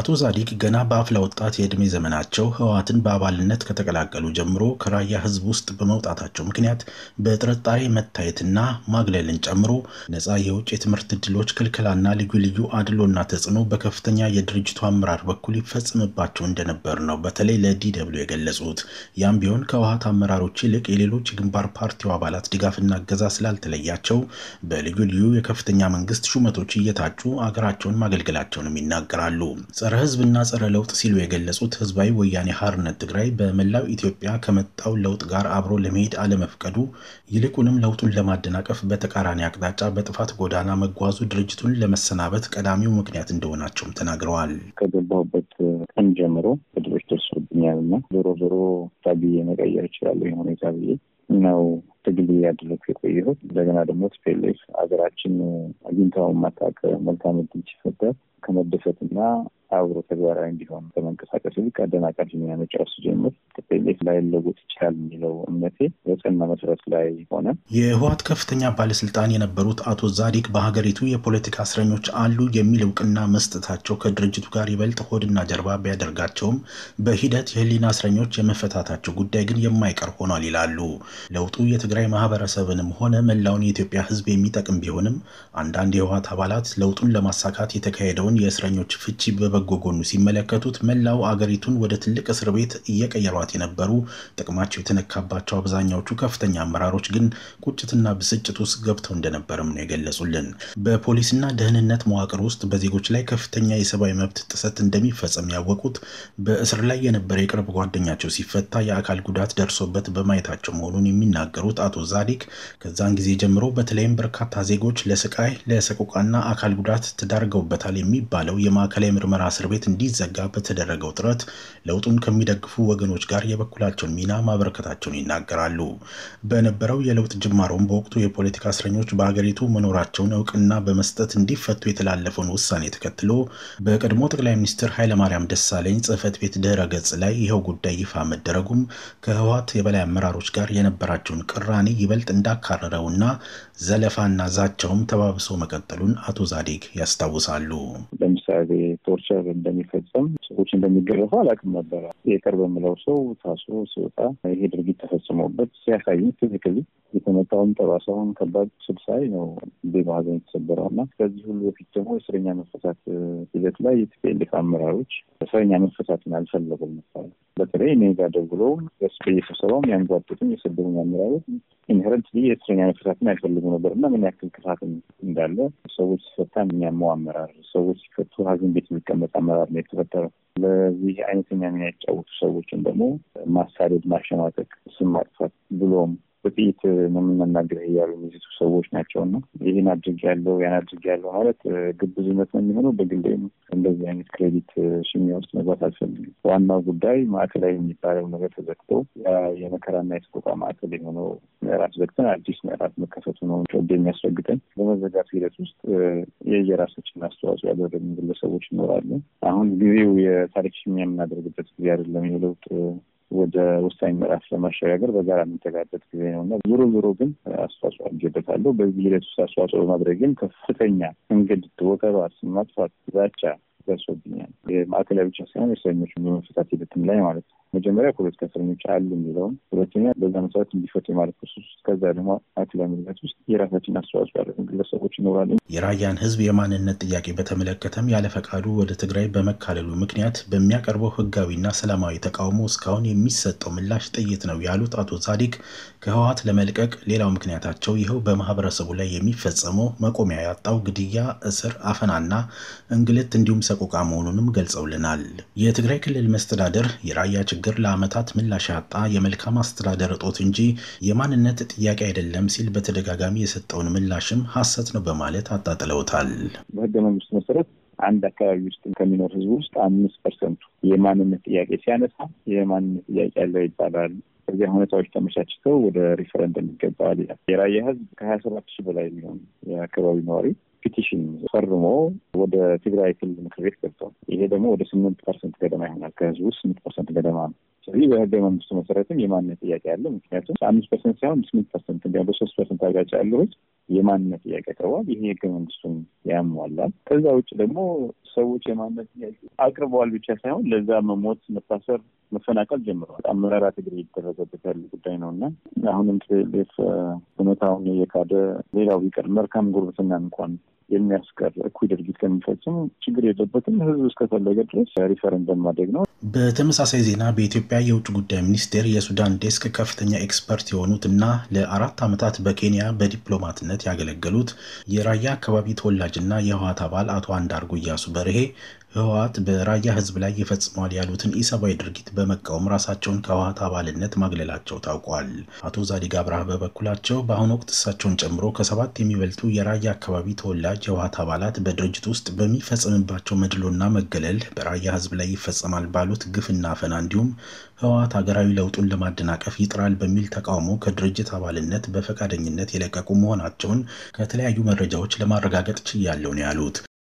አቶ ዛዲግ ገና በአፍላ ወጣት የዕድሜ ዘመናቸው ህወሓትን በአባልነት ከተቀላቀሉ ጀምሮ ከራያ ህዝብ ውስጥ በመውጣታቸው ምክንያት በጥርጣሬ መታየትና ማግለልን ጨምሮ ነፃ የውጭ የትምህርት እድሎች ክልክላና ልዩ ልዩ አድሎና ተጽዕኖ በከፍተኛ የድርጅቱ አመራር በኩል ይፈጽምባቸው እንደነበር ነው በተለይ ለዲደብሊው የገለጹት። ያም ቢሆን ከህወሓት አመራሮች ይልቅ የሌሎች የግንባር ፓርቲው አባላት ድጋፍና እገዛ ስላልተለያቸው በልዩ ልዩ የከፍተኛ መንግስት ሹመቶች እየታጩ አገራቸውን ማገልገላቸውንም ይናገራሉ። ጸረ ህዝብና ጸረ ለውጥ ሲሉ የገለጹት ህዝባዊ ወያኔ ሀርነት ትግራይ በመላው ኢትዮጵያ ከመጣው ለውጥ ጋር አብሮ ለመሄድ አለመፍቀዱ ይልቁንም ለውጡን ለማደናቀፍ በተቃራኒ አቅጣጫ በጥፋት ጎዳና መጓዙ ድርጅቱን ለመሰናበት ቀዳሚው ምክንያት እንደሆናቸውም ተናግረዋል። ከገባሁበት ቀን ጀምሮ ድሮች ደርሶብኛል እና ዞሮ ዞሮ ታብዬ መቀየር እችላለሁ የሁኔታ ብዬ ነው ትግል ያደረግኩ የቆየሁት። እንደገና ደግሞ ስፔሌፍ ሀገራችን አግኝታውን ማታቀ መልካም ዕድል ሲፈጠር ከመደሰትና አብሮ ተግባራዊ እንዲሆን በመንቀሳቀስ ይልቅ አደናቃፊ ሚና መጫወት ሲጀምር ላይ ላይለወጥ ይችላል የሚለው እምነቴ በጽና መሰረት ላይ ሆነ። የህወሓት ከፍተኛ ባለስልጣን የነበሩት አቶ ዛዲግ በሀገሪቱ የፖለቲካ እስረኞች አሉ የሚል እውቅና መስጠታቸው ከድርጅቱ ጋር ይበልጥ ሆድና ጀርባ ቢያደርጋቸውም በሂደት የህሊና እስረኞች የመፈታታቸው ጉዳይ ግን የማይቀር ሆኗል ይላሉ። ለውጡ የትግራይ ማህበረሰብንም ሆነ መላውን የኢትዮጵያ ህዝብ የሚጠቅም ቢሆንም አንዳንድ የህወሓት አባላት ለውጡን ለማሳካት የተካሄደውን የእስረኞች ፍቺ በ በበጎ ጎኑ ሲመለከቱት መላው አገሪቱን ወደ ትልቅ እስር ቤት እየቀየሯት የነበሩ ጥቅማቸው የተነካባቸው አብዛኛዎቹ ከፍተኛ አመራሮች ግን ቁጭትና ብስጭት ውስጥ ገብተው እንደነበርም ነው የገለጹልን። በፖሊስና ደህንነት መዋቅር ውስጥ በዜጎች ላይ ከፍተኛ የሰብአዊ መብት ጥሰት እንደሚፈጸም ያወቁት በእስር ላይ የነበረ የቅርብ ጓደኛቸው ሲፈታ የአካል ጉዳት ደርሶበት በማየታቸው መሆኑን የሚናገሩት አቶ ዛዲክ ከዛን ጊዜ ጀምሮ በተለይም በርካታ ዜጎች ለስቃይ ለሰቆቃና አካል ጉዳት ተዳርገውበታል የሚባለው የማዕከላዊ ምርመራ እስር ቤት እንዲዘጋ በተደረገው ጥረት ለውጡን ከሚደግፉ ወገኖች ጋር የበኩላቸውን ሚና ማበረከታቸውን ይናገራሉ። በነበረው የለውጥ ጅማሮም በወቅቱ የፖለቲካ እስረኞች በሀገሪቱ መኖራቸውን እውቅና በመስጠት እንዲፈቱ የተላለፈውን ውሳኔ ተከትሎ በቀድሞ ጠቅላይ ሚኒስትር ኃይለማርያም ደሳለኝ ጽህፈት ቤት ድህረ ገጽ ላይ ይኸው ጉዳይ ይፋ መደረጉም ከህወሓት የበላይ አመራሮች ጋር የነበራቸውን ቅራኔ ይበልጥ እንዳካረረውና ዘለፋና ዛቻውም ተባብሶ መቀጠሉን አቶ ዛዴግ ያስታውሳሉ። ለምሳሌ ቶርቸር አላውቅም። ሰዎች እንደሚገረፉ አላውቅም ነበረ። የቅርብ የምለው ሰው ታስሮ ሲወጣ ይሄ ድርጊት ተፈጽሞበት ሲያሳይ ፊዚካሊ የተመታውን ጠባሳውን ከባድ ስልሳይ ነው በማዘን የተሰበረው እና ከዚህ ሁሉ በፊት ደግሞ እስረኛ መፈታት ሂደት ላይ የትልልቅ አመራሮች እስረኛ መፈታትን አልፈለጉም ነበር። ላይ እኔ ጋር ደውለው ስ በየስብሰባውም ያንጓጥጡኝ የሰደቡ አመራሮች ኢንሄረንት የእስረኛ መፈታትን አይፈልጉ ነበር እና ምን ያክል ክፋት እንዳለ ሰዎች ሲፈታ የሚያመው አመራር፣ ሰዎች ሲፈቱ ሀዘን ቤት የሚቀመጥ አመራር ነው የተፈጠረው። ለዚህ አይነተኛ ሚና ያጫወቱ ሰዎችን ደግሞ ማሳደድ፣ ማሸማቀቅ፣ ስም ማጥፋት ብሎም በጥይት ነው የምናናግርህ እያሉ የሚዘቱ ሰዎች ናቸው እና ይህን አድርግ ያለው ያን አድርግ ያለው ማለት ግብዝነት ነው የሚሆነው። በግል ላይ እንደዚህ አይነት ክሬዲት ሽሚያ ውስጥ መግባት አልፈልግም። ዋናው ጉዳይ ማዕከላዊ የሚባለው ነገር ተዘግቶ የመከራና የተቆጣ ማዕከል የሆነው ምዕራፍ ዘግተን አዲስ ምዕራፍ መከፈቱ ነው ጮቤ የሚያስረግጠን። በመዘጋት ሂደት ውስጥ የየራሳችን አስተዋጽኦ ያደረግን ግለሰቦች ይኖራሉ። አሁን ጊዜው የታሪክ ሽሚያ የምናደርግበት ጊዜ አይደለም። የለውጥ ወደ ወሳኝ ምዕራፍ ለማሸጋገር በጋራ የምንተጋበት ጊዜ ነው እና ዞሮ ዞሮ ግን አስተዋጽኦ አድርጌበታለሁ። በዚህ ሂደት ውስጥ አስተዋጽኦ በማድረግ ግን ከፍተኛ እንግልት፣ ወከባ፣ ስም ማጥፋት፣ ዛቻ ደርሶብኛል። ማዕከላዊ ብቻ ሳይሆን የእስረኞችን በመፈታት ሂደትም ላይ ማለት ነው። መጀመሪያ ፖለቲካ እስረኞች አሉ የሚለውን፣ ሁለተኛ በዛ መሰረት እንዲፈቱ የማለት ክሱስ፣ ከዛ ደግሞ አክላ ምርት ውስጥ የራሳችን አስተዋጽኦ ያለን ግለሰቦች ይኖራሉ። የራያን ህዝብ የማንነት ጥያቄ በተመለከተም ያለ ፈቃዱ ወደ ትግራይ በመካለሉ ምክንያት በሚያቀርበው ህጋዊና ሰላማዊ ተቃውሞ እስካሁን የሚሰጠው ምላሽ ጥይት ነው ያሉት አቶ ዛዲግ ከህወሀት ለመልቀቅ ሌላው ምክንያታቸው ይኸው በማህበረሰቡ ላይ የሚፈጸመው መቆሚያ ያጣው ግድያ፣ እስር፣ አፈናና እንግልት እንዲሁም ሰቆቃ መሆኑንም ገልጸውልናል። የትግራይ ክልል መስተዳደር የራያ ችግር ችግር ለዓመታት ምላሽ ያጣ የመልካም አስተዳደር እጦት እንጂ የማንነት ጥያቄ አይደለም ሲል በተደጋጋሚ የሰጠውን ምላሽም ሀሰት ነው በማለት አጣጥለውታል። በህገ መሰረት አንድ አካባቢ ውስጥ ከሚኖር ህዝብ ውስጥ አምስት ፐርሰንቱ የማንነት ጥያቄ ሲያነሳ የማንነት ጥያቄ ያለው ይባላል። ከዚያ ሁኔታዎች ተመቻችተው ወደ ሪፈረንደም ይገባል። የራያ ህዝብ ከሀያ ሰባት ሺህ በላይ የሚሆን የአካባቢ ነዋሪ ፒቲሽን ፈርሞ ወደ ትግራይ ክልል ምክር ቤት ገብቷል። ይሄ ደግሞ ወደ ስምንት ፐርሰንት ገደማ ይሆናል ከህዝቡ ውስጥ ስምንት ፐርሰንት ገደማ ነው። ስለዚህ በህገ መንግስቱ መሰረትም የማንነት ጥያቄ አለ። ምክንያቱም አምስት ፐርሰንት ሳይሆን ስምንት ፐርሰንት እንዲያውም በሶስት ፐርሰንት አብላጫ ያለው ህዝብ የማንነት ጥያቄ አቅርቧል። ይህ የህገ መንግስቱን ያሟላል። ከዛ ውጭ ደግሞ ሰዎች የማንነት ጥያቄ አቅርበዋል ብቻ ሳይሆን ለዛ መሞት፣ መታሰር፣ መፈናቀል ጀምረዋል። በጣም መራራ ትግል እየተደረገበት ጉዳይ ነው እና አሁንም ሌፍ ሁኔታውን እየካደ ሌላው ቢቀር መልካም ጉርብትና እንኳን የሚያስቀር እኩይ ድርጊት ከሚፈጽም ችግር የለበትም። ህዝብ እስከፈለገ ድረስ ሪፈረንደም ማድረግ ነው። በተመሳሳይ ዜና በኢትዮጵያ የውጭ ጉዳይ ሚኒስቴር የሱዳን ዴስክ ከፍተኛ ኤክስፐርት የሆኑት እና ለአራት ዓመታት በኬንያ በዲፕሎማትነት ያገለገሉት የራያ አካባቢ ተወላጅና የህወሓት አባል አቶ አንዳርጎ እያሱ በርሄ ህወሓት በራያ ህዝብ ላይ ይፈጽመዋል ያሉትን ኢሰብአዊ ድርጊት በመቃወም ራሳቸውን ከህወሓት አባልነት ማግለላቸው ታውቋል። አቶ ዛዲግ አብርሃ በበኩላቸው በአሁኑ ወቅት እሳቸውን ጨምሮ ከሰባት የሚበልጡ የራያ አካባቢ ተወላጅ የህወሓት አባላት በድርጅት ውስጥ በሚፈጸምባቸው መድሎና መገለል በራያ ህዝብ ላይ ይፈጸማል ባሉት ግፍና አፈና እንዲሁም ህወሓት ሀገራዊ ለውጡን ለማደናቀፍ ይጥራል በሚል ተቃውሞ ከድርጅት አባልነት በፈቃደኝነት የለቀቁ መሆናቸውን ከተለያዩ መረጃዎች ለማረጋገጥ ችያለሁ ነው ያሉት።